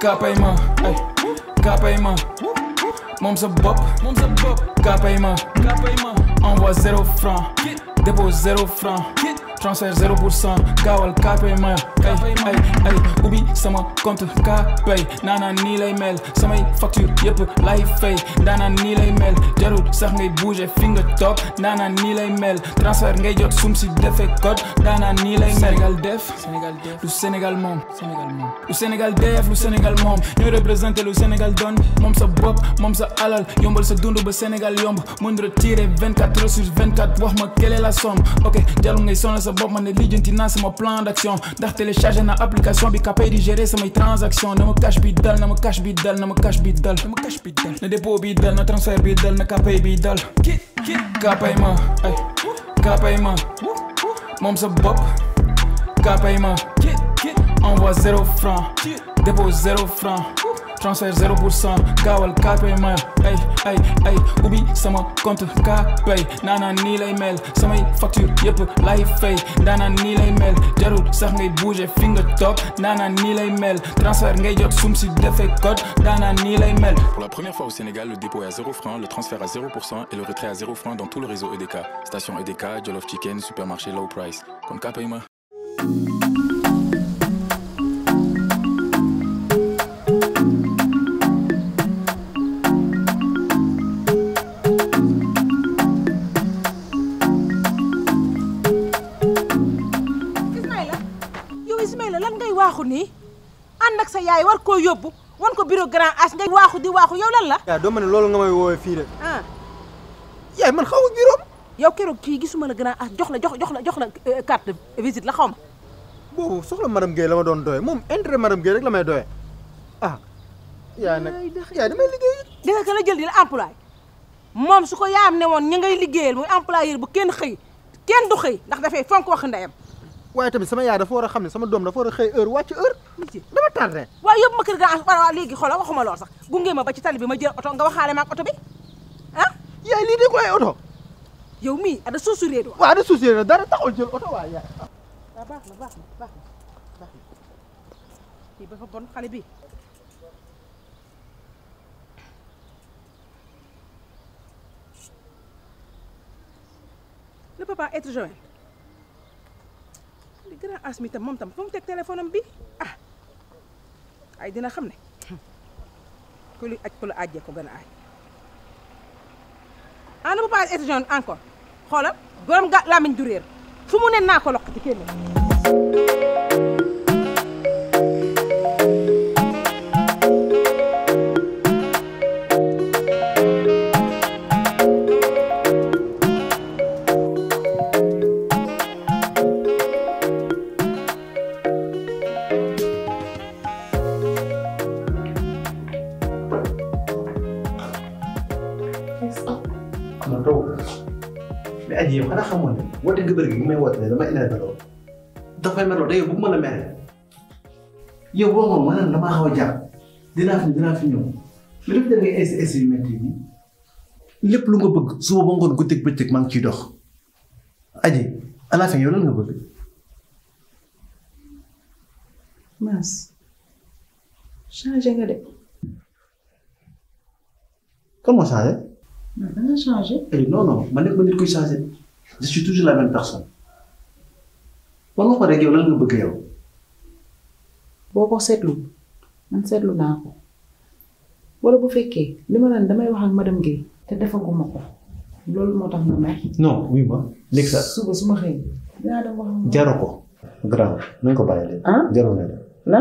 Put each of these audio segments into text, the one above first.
kaapay ma ay sa bopp moom sa bopp kaapay ma kaapay ma envoie zéro franc dépôt zéro transfert zéro pour cent gaawal kaapay ma ay ay ay ubbi sama compte kaapay naanaan nii lay mel samay facture yëpp lay fay daanaan nii lay mel jarul sax ngay bouger fi nga toog daanaan nii lay mel transfert ngay jot sum si defe code daanaan nii lay mel Sénégal def lu Sénégal moom lu Sénégal def lu Sénégal moom ñooy représenté lu Sénégal doon moom sa bopp moom sa alal yombal sa dund ba Sénégal yomb mën retiré 24 heures sur 24 la somme ok jarul ngay sonal sa bopp man ne lijjanti naa sama plan d'action ndax téléchargé na application bi kapay di gérer samay ma cash bi dal na ma cash bi dal na ma cash bi dal na ma cash bi dal na dépôt bi dal na transfert bi dal na kapay bi dal kit kit kapay ma ma moom sa bopp ma kit kit envoie zéro franc dépôt zéro franc transfert zéro pour cent gaawal kaapay ma ay ay ay ubbi sama compte kaapay naanaan lay mel samay facture yëpp lay fay daanaan nii lay mel jarul sax ngay bouger fi nga toog naanaan nii lay mel transfert ngay jot si defee code daanaan Pour la première fois au Sénégal, le dépôt est à 0 francs, le transfert à 0 pour cent et le retrait à 0 francs dans tout le réseau EDK. Station EDK, Jollof Chicken, supermarché Low Price. Kon kaapay war koo yóbbu wan ko biroo grand as ngay waaxu di waaxu yow lan la. yaa doo ne loolu nga may woowee fii de. Ah. yaay man xaw ma juróom. yow keroog kii gisuma la grand as jox la jox jox la jox la euh, carte visite la xaw ma. boobu soxla madame Guèye la ma doon doyee moom intérêt madame Guèye rek may doyee ah. yaa nag yaa damay jël di la employé su ko yaam ne woon ña ngay liggéeyal muy employeur bu kenn xëy kenn du xëy ndax dafay fonk wax ndeyam. waaye tamit sama yaay dafa war a xam ne sama doom dafa war a xëy heure wàcc heure dama tardé waaw yóbbu ma kër ga waaw léegi xoolal waxuma lool sax gunge ma ba ci tali bi ma jël oto nga waxaale ma oto bi ah yaay lii déggu ay oto yow mii ada suusurée do ada suusurée dara taxul jël oto waaw yaay waaw ah, baax na baax na li gën a mi tam moom tam fu mu teg téléphone bi ah ay dina xam ne hmm, ku aj ku la àjjee gën a aay ana bu paase étudiant encore xoolal gorom ga lamiñ du réer fu mu ko loqati kenn bëri bu may woote ne dafay mel noonu bu mën a mere yow boo xam ne damaa xaw a dinaa fi dinaa fi ñëw lu lépp lu nga bëgg suba ba ngoon guddeeg bëccëg maa ngi ciy dox. aji à yow lan nga bëgg. Mass nga de. comment changé. non da nga changé. non non man nekk ma nit kuy changé. je suis toujours la même personne ba ma ko rek yow lan nga bëgg yow. boo ko seetlu man seetlu naa ko wala bu fekkee li ma naan damay wax ak madame Guèye te defaguma ko loolu moo tax ma mer. non oui ma léegi sax. suba su ma xëy ko. grand nañ ko bàyyi leen. ah jaroo na la.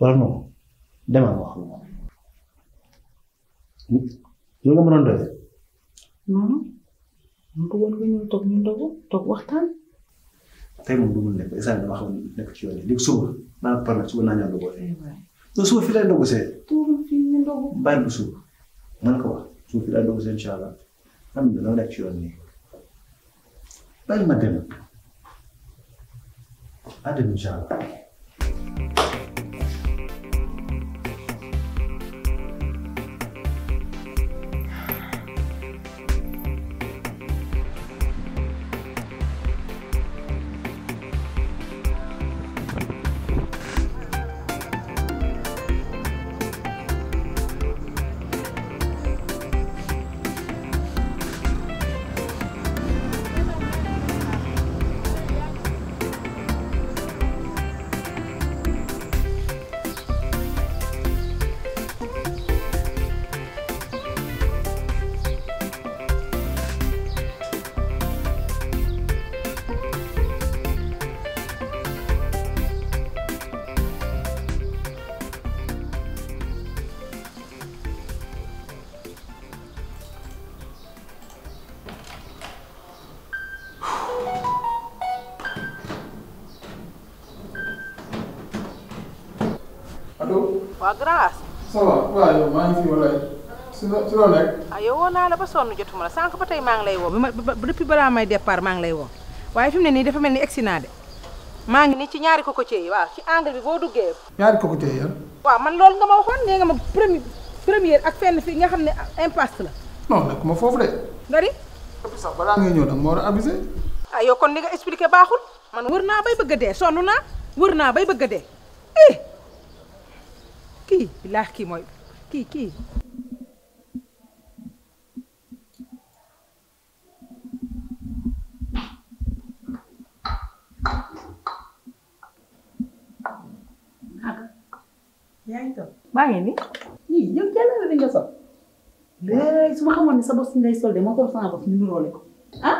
wala non demal wax. loolu nga mënoon doyoo. non non man ko woon nga ñëw toog ñu ndogu toog waxtaan. tey moom du mu nekk instant dama xaw nekk ci yoon yi léegi suba naa ko permettre suba naa ñëw ndogu non eh, suba fii lay ndogu see. na dama nekk ci yoon nii bàyyi Adem incha waa grâce. ça va waaw yow maa ngi fi wala si si la nekk. Ah, yow naa la ba sonn jotuma la sànq ba tey maa ngi lay woo bi ma depuis balaa may départ maa ngi lay woo waaye fi mu ne nii dafa mel ni egsi naa de maa ngi nii ci ñaari cocotier yi waaw ci angle bi boo duggee. ñaari cocotier yi yan. waaw man loolu nga ma waxoon nee nga ma première ak fenn fii nga xam ne impasse la. non nag ma foofu de. nga di. sax balaa ngay ah, kon li nga baaxul man wër naa bay bëgg a dee sonn naa wër naa bay bëgg a dee eh! kii bilaax kii mooy kii kii yaa ngi toog maa ngi nii. yii yow sol. léegi su ma xamoon ne sa bopp ngay sol de ma ko sama bopp ñu nuróole ko. ah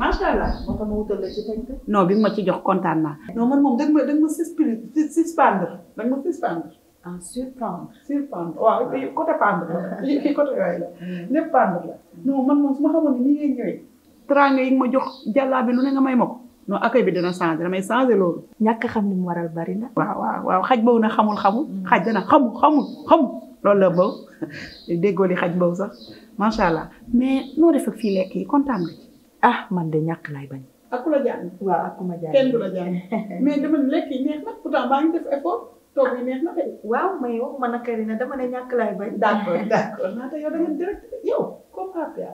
macha allah moo tax wutal la ci fekk. non bi ma ci jox kontaan naa. non man moom danga ma danga ma suspendre danga ma suspendre. ah surprendre. surprendre waaw fii ah. côté pendre la fii côté yooyu la hmm. lépp pendre la non man moom su xamoon ni nii ngay ñëwee. yi nga ma jox jàllaa bi lu ne nga may ma ko. non accueil bi dana changé damay changé loolu. ñàkk xam ni mu waral bari na. waaw waaw waaw xaj boobu na xamul xamul. Hmm. xaj dana xamul xamul xamul. loolu la boobu déggoo li xaj boobu sax macha allah mais noo def ak fii lekk yi kontaan nga ci. ah man de ñàkk lay bañ. ak ku jàng. mais dama lekk yi neex na pourtant maa toog bi neex na de. waaw mais waxuma na dama ne ñàkk laay bañ. d' accord d' accord naata yow da direct yow comme Pape Yaya.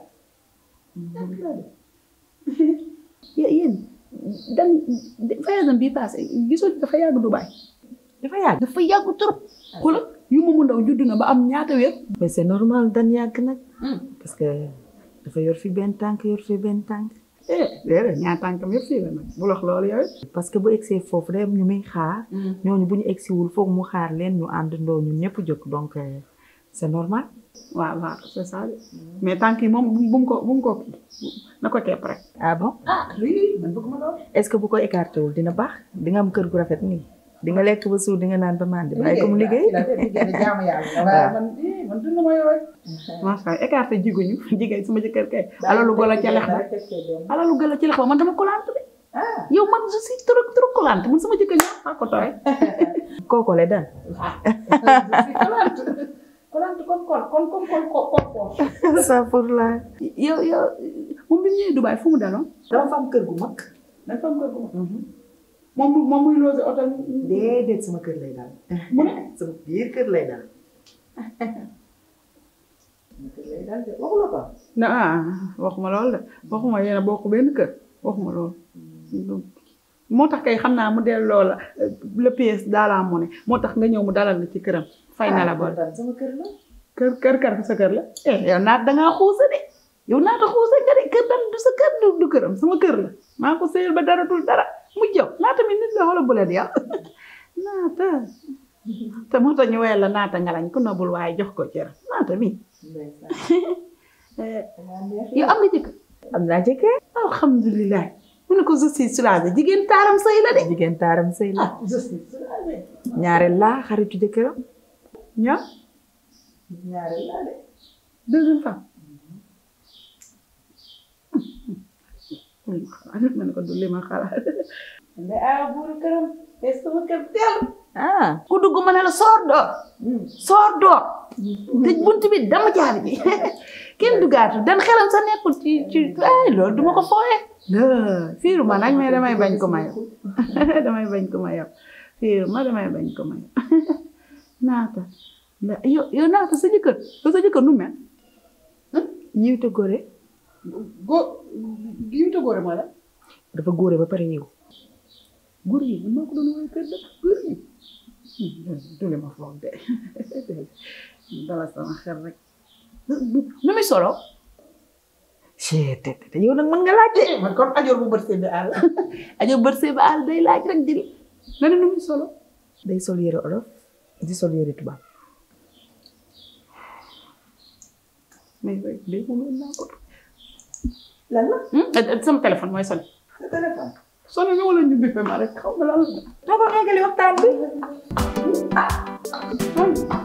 ñàkk laa de. yéen dem voyage am bii passé gisoo dafa yàgg Dubaay. dafa yàgg dafa yàgg trop. xoolal yu mu mu ndaw judd na ba am ñaata weer. mais c' normal dan yàgg nag. Hmm. parce que dafa yor fi benn tànk yor fi benn tànk. Eh, déedéet ñaar tànkam yëpp fii bu lox loolu yow parce que bu egsee foofu day ñu muy xaar. Mm. ñooñu bu ñu egsiwul foog mu xaar leen ñu àndandoo ñun ñëpp jóg donc euh, c'est normal. waaw waaw c'est ça mais tànk yi moom bu mu ko bu mu ko na ko kepp rek. ah bon ah, est-ce que bu ko écarté wul dina baax di nga am kër gu rafet nii. di nga lekk ba suur dinga naan ba màndi bàyyi ko mu liggéey macha eh, allah écarté jiguñu jigéen suma jëkkër kay alalu golo ci man dama kolante bi ah. yow man je suis trop trop kolante man sama jëkkër ñaar maa ko tore kookole daal moom moom muy loose oto. déedéet kër lay daal. waxu la ko. na ah, waxuma lool de waxuma yéen a bokk benn kër waxuma lool. moo tax kay xam naa mu delloo la euh, le pièce ne moo tax nga ñëw mu dalal la ci këram. fay na la ah, bon sama kër kër kër kër sa kër la. Eh, yow naat da xuusa de yow naata xuusa de kër dam du sa kër du këram sama kër la maa ko sëyal ba dara dara. mu jëw naata mi nit la xoolal bu naata te moo tax ñu wéyal la naata ngalañ ku nobul waaye jox ko cër naata mi. yow am nga jëkkër. am naa jëkkër. alhamdulilah. mu ne ko je suis soulagée jigéen taaram sëy la de. jigéen taaram sëy la. Ah, je suis laa xaritu jëkkëram. ñoom. ñaareel man ah. ko du ma xalaat. mais ku dugg ma ne la soor door. soor bunt bi dama jaar bi kenn duggaatu dan xelam sa nekkul ci ci ay eh, loolu duma ko fooyee. fiiru ma nag mais damay bañ ko mayo fiiru ma damay bañ ko mayo naata yow naata sa jëkkër sa jëkkër nu mel hmm? ñiw gore góo li mu ta góore la. dafa góore ba pare ñëw. góore yi maa ko doon woowee de dala sama xel rek. nu solo. c'est te yow nag mën nga laaj de. man kon ajoor bu bërsee bi àll. ajoor bërsee bi àll day laaj rek jëli. nga ne solo. day sol yére olof di sol yére tubaab. lan la. sama téléphone mooy sonné. sa téléphone. sonné ñu wala ñu bépp ma rek xaw ma lan la. doo ko xeegali waxtaan bi ah.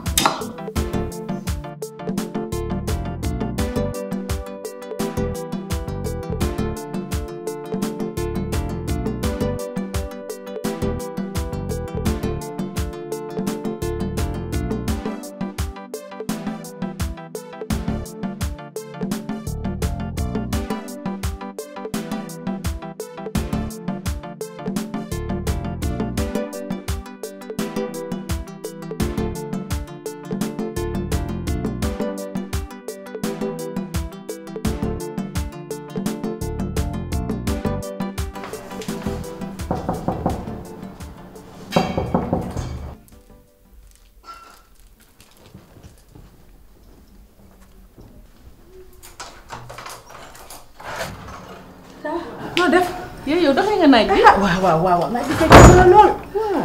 naaj bi ah waaw waaw waaw naaj bi fekk na lool.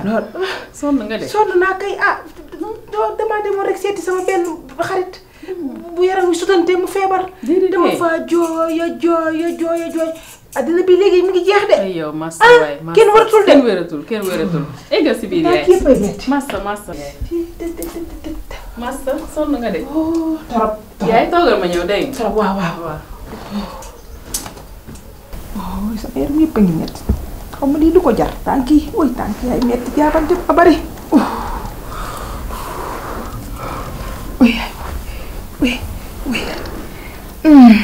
lool sonn nga de. sonn naa kay ah damaa demoon rek seeti sama benn xarit. bu yaram wi sutante mu feebar. dama faa jooy a jooy a jooy a jooy. addina bi léegi mi ngi jeex de. ay yow massa ah, waay massa kenn waratul de kenn waratul kenn waratul. eggal si biir yaay massa massa. massa sonn nga de. Oh, trop trop yaay toogal ma ñëw dégg nga. trop waaw waaw waaw. waaw oh, sa yaram yëpp a ngi métti. xaw ma lii du ko jar tànk yi ooy tànk yaay metti jaabante ba bari ooy ooy ooy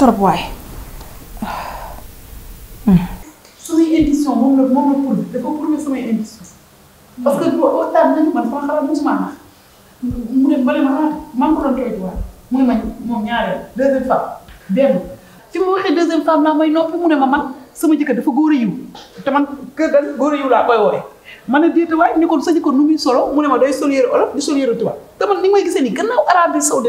torop waaye samay indition moom la moom la pour dafa pour samay indition man sama xalaat mosuma nax mu ne ma ne ma ah man ko doon ma moom ñaareel deuxième femme laa may noppi mu ne man sama jëkkër dafa góor a yiw te man kër daal góor a yiw laa koy woowee ma ne déet waaye ni kon sa jëkkër nu muy solo mu ne ma day sol yére olof di sol yére tubaab te man ni may gisee nii gannaaw ay xool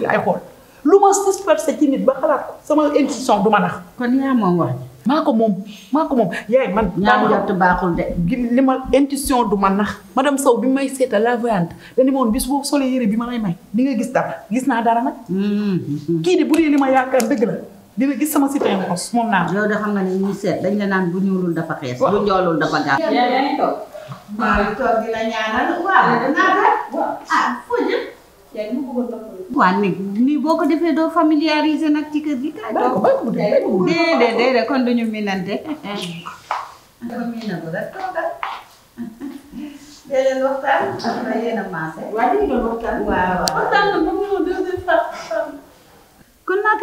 lu ma dispersé ci nit ba xalaat ko sama intuition du ma nax. kon yaa moom wax ko moom maa ko moom yaay man. ñaar jot baaxul de. li ma intuition du ma nax. madame Sow bi may seeta la voyante dañu ma woon bis boobu solee yére bi ma lay may. di nga gis dara gis naa dara nag. Mm-hmm. kii de bu dee li ma yaakaar dëgg la. di nga gis sama cité ngos moom naa. loolu de xam nga ne ñuy seet dañ la naan bu ñuulul dafa xees. bu njoolul dafa gaaw. yéen yaa ngi toog. maa waaw ni ah, nii boo ko defee doo familiariser nag ci kër gi. kay doo ko déedéet déedéet kon duñu minante. dafa minante rek toogal. déedéet waxtaan. dafa yéen a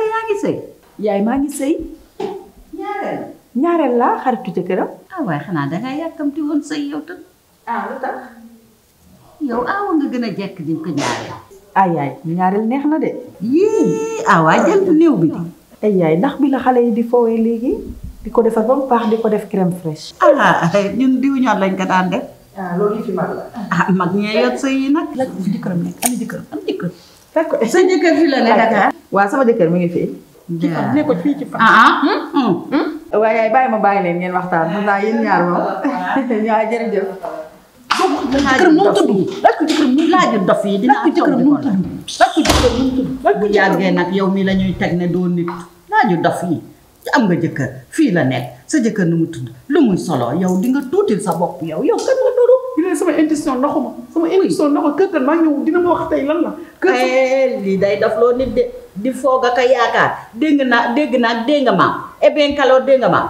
yaa ngi sëy. yaay maa ngi sëy ñaareel ñaareel laa xaritu jëkkëram ah waaye xanaa dangaa yàkkamti woon sëy yow tam ah lu ah, nga gën a jekk di ko ñaareel ay yaay ñaareel neex na de yii aawaa ah, jant néew bi di ay yaay ndax bi la xale yi di foowee léegi di ko defar ba paax di ko def crème fraîche ah ñun diw ñoon lañ ko daan def ah, loolu mag la ah mag ñee yor sëy yi nag la jëkkëram nekk am jëkkër fekk sa jëkkër fi la ne Dakar waaw sama jëkkër mi ngi fii ci fii ci waaye bàyyi ma bàyyi leen ngeen waxtaan xam naa yéen ñaar moom ñaa jërëjëf. jëkkër yi dina lakk bu yàggee nag yow mi la ñuy teg ne doo nga jëkkër fii la nekk sa jëkkër nu mu tudd lu muy solo yow di nga tuutil sa bopp yow yow kan nga nuru yu sama intention ndoxu sama intention ndoxu kër kan maa ñëw dina ma wax tey lan la kër lii day daf loo nit de di foog ak a yaakaar dégg naa dégg naa dégg nga maam et eh bien kaloo dégg nga maam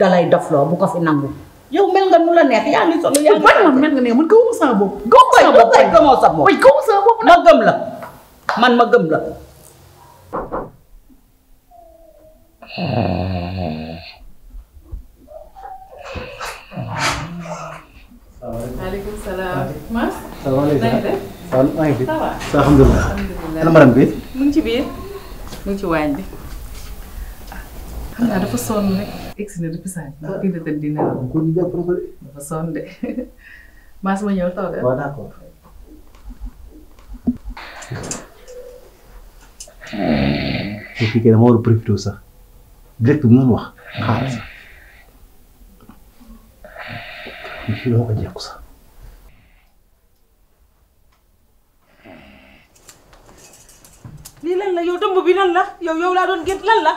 dalay dofloo bu ko fi nangu. yow mel nga nu la neex yaa ngi solo yaa ngi solo mel nga ne man gëmuma sama bopp. gëmuma sama bopp waaye gëmoo sa bopp. waaye gëmuma sama bopp ma gëm la man ma gëm la. maaleykum salaam. maaleykum salaam. maa ngi fi. alhamdulilah. alhamdulilah. mu ci waañ bi. xam naa dafa sonn rek. egsi na dafa sañ. ndax kii dafa dina la. dafa sonn de. maa sama ñëw toog waaw d'accord. te fii kay dama war a profité sax direct bi mu wax xaaral sax. loo ko jekku sax. lii lan la yow dëmb bi lan la yow yow laa doon gént lan la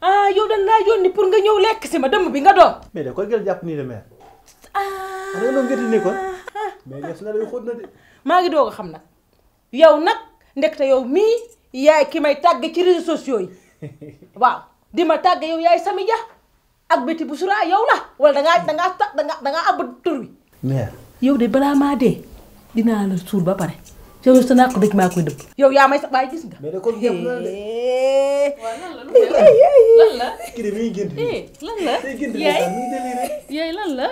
ah, yow dañ laa yónni pour nga ñëw lekk si ma dëmb bi nga doon. mais da koy gën ah. ah. maa ngi doog a xam nag yow nag ndekte yow mii yaay may tàgg ci tàgg yow yaay Samy ak béti bu yow la wala da ngaa da ngaa da ngaa da tur wi. mère yow de balaa maa dee dinaa la suur ba pare. yow sa naa ko dëj maa koy dëpp. ko gëm la de. lan la lan la. kii de mi yaay lan la.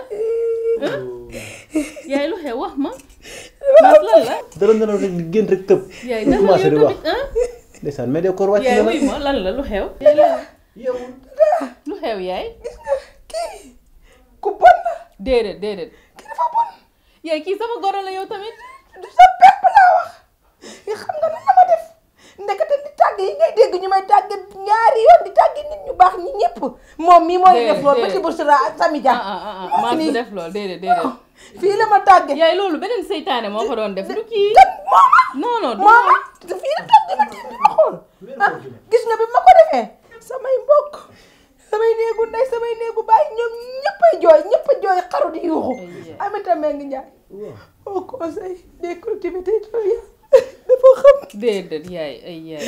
yaay lu xew wax ma. lan la. dara dara gént rek tëb. yaay lan la yow tamit ah. ndeysaan ma lan la lu xew. yaay lu xew yaay. gis nga kii ku yaay kii sama goro la yow tamit. du sa pepp laa wax yi xam nga nan la ma def ndekete di tàgg yi ngay dégg ñu may tàgg ñaari yoon di tàgg nit ñu baax ñi ñëpp moom mii mooy def loolu ba ci Bouchra Sami Dia ah, ah, ah, maa ngi def loolu déedéet déedéet oh, fii la ma tàgge yaay loolu beneen seytaane moo ko doon def du gis nga bi ma ko defee samay mbokk samay néegu ndey samay néegu baay ñoom a jooy ñëpp a jooy xaru di yuuxu amita mee ngi njaay waaw conseil des collectivités territoriales dafa xam. déedéet yaay ay yaay.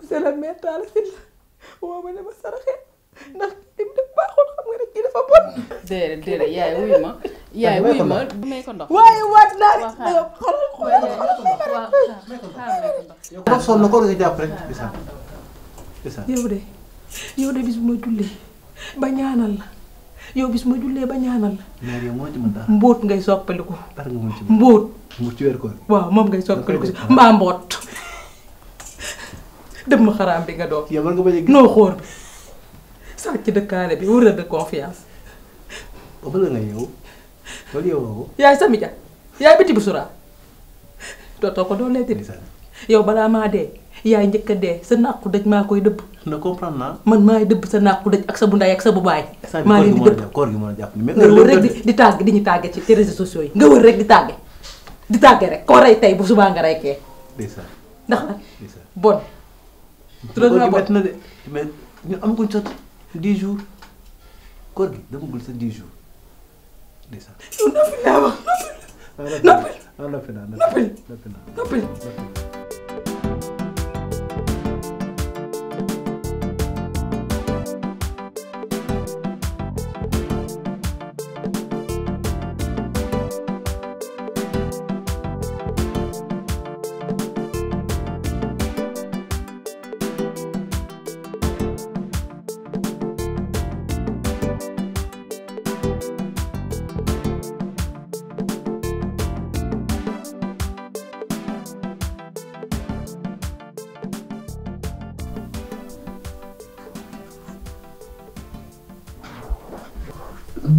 monsieur le maire Talla Sylla woo ma dama saraxe ndax li mu def baaxul xam nga ne kii dafa bon. déedéet déedéet yaay wuy ma. yaay wuy ma may ko ndox. waaye waat naa ne danga xoolal xoolal xoolal may ko ndox. yow ndox sonn na ko nga jàpp rek yow de yow de bis bu ma jullee ba ñaanal la. yow bi su ma jullee ba ñaanal moo ci mbóot ngay soppaliku. dara moo ci mbóot. waaw moom ngay soppaliku si mbaa mboot. dëmm xaraam bi nga doon. nga bañ a gis noo xóor bi. sàcc dëkkaale bi wër de confiance. yow yaay Sami Dia yaay biti bu suraa dootoo ko dooleeti. yow balaa maa dee. yaay njëkk dee sa nàqu dëj maa koy dëbb. na comprendre naa. man maay dëbb sa nàqu dëj ak sa bu ndaay ak sa bu baay. maa leen di dëbb a jàpp mais nga wër rek di tàgg di ñu tàgge ci réseaux sociaux yi nga wër rek di tàgge di tàgge rek koo rey tey bu subaa nga rey kee. ndax la bon. tural naa bon na de mais ñu am ko sa 10 jours koor gi demagul sa 10 jours. ndeysaan. noppi naa wax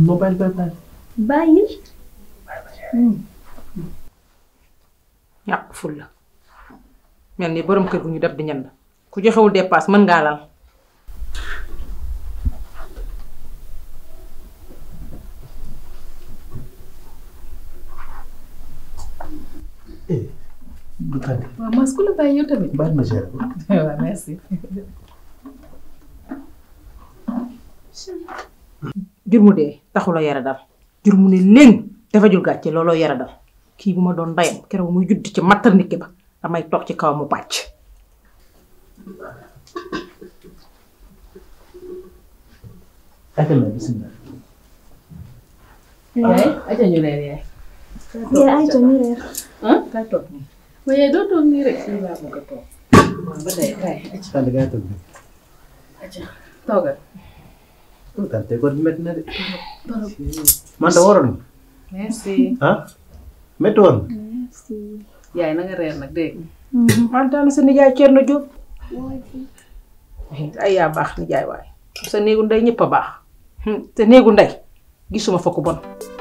mobil bay bàyyi. ñàkk ful la. mel ni borom kër gu ñu dab di ñan ku joxewul dépasse mën ngaa laal. jur mu dee taxuloo yara dal jur mu ne léegi dafa jul gàcce looloo yara dal kii bu ma doon ndeyam keroog muy judd ci maternité ba damay toog ci kaw mu bàcc. ayca daan tey kon métti na de. man da waroon reer nag dégg nga. sa nijaay Thierno Diop. ay yaa baax nijaay waay. sa néegu ndey ñëpp a baax. te néegu ndey gisuma fa ko bon.